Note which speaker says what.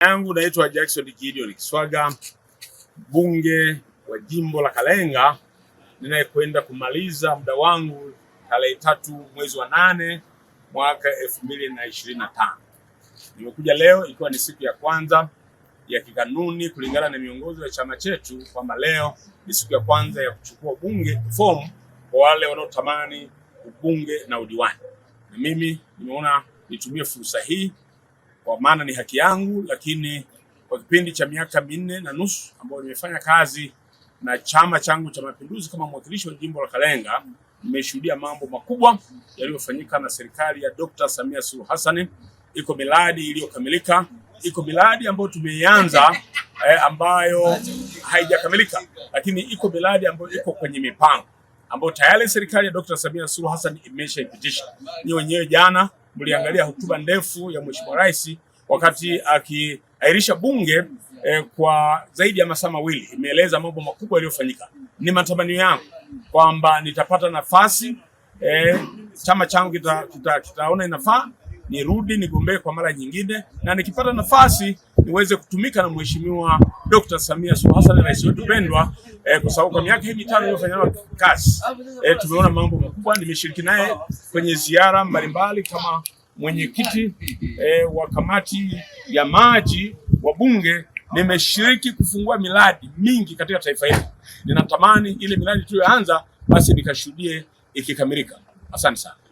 Speaker 1: yangu naitwa Jackson Gideon Kiswaga, mbunge wa jimbo la Kalenga ninayekwenda kumaliza muda wangu tarehe tatu mwezi wa nane mwaka elfu mbili na ishirini na tano. Nimekuja leo ikiwa ni siku ya kwanza ya kikanuni kulingana na miongozo ya chama chetu kwamba leo ni siku ya kwanza ya kuchukua bunge fomu kwa wale wanaotamani ubunge na udiwani, na mimi nimeona nitumie fursa hii kwa maana ni haki yangu, lakini kwa kipindi cha miaka minne na nusu ambayo nimefanya kazi na chama changu cha Mapinduzi kama mwakilishi wa jimbo la Kalenga, nimeshuhudia mambo makubwa yaliyofanyika na serikali ya Dr. Samia Suluhu Hassan. Iko miradi iliyokamilika, iko miradi ambayo tumeianza eh, ambayo haijakamilika, lakini iko miradi ambayo iko kwenye mipango ambayo tayari serikali ya Dr. Samia Suluhu Hassan imeshaipitisha. Ni wenyewe jana mliangalia hotuba ndefu ya Mheshimiwa Rais wakati akiahirisha bunge eh, kwa zaidi ya masaa mawili. Imeeleza mambo makubwa yaliyofanyika. Ni matamanio yangu kwamba nitapata nafasi eh, chama changu kitaona kita, kita inafaa nirudi nigombee kwa mara nyingine, na nikipata nafasi niweze kutumika na Mheshimiwa Dr. Samia Suluhu Hassan, rais wetu pendwa eh, kwa sababu kwa miaka hii mitano iliyofanya kazi eh, tumeona mambo makubwa. Nimeshiriki naye kwenye ziara mbalimbali kama mwenyekiti eh, wa kamati ya maji wa bunge nimeshiriki kufungua miradi mingi katika taifa hili. Ninatamani ile miradi tuliyoanza basi nikashuhudie ikikamilika. Asante sana.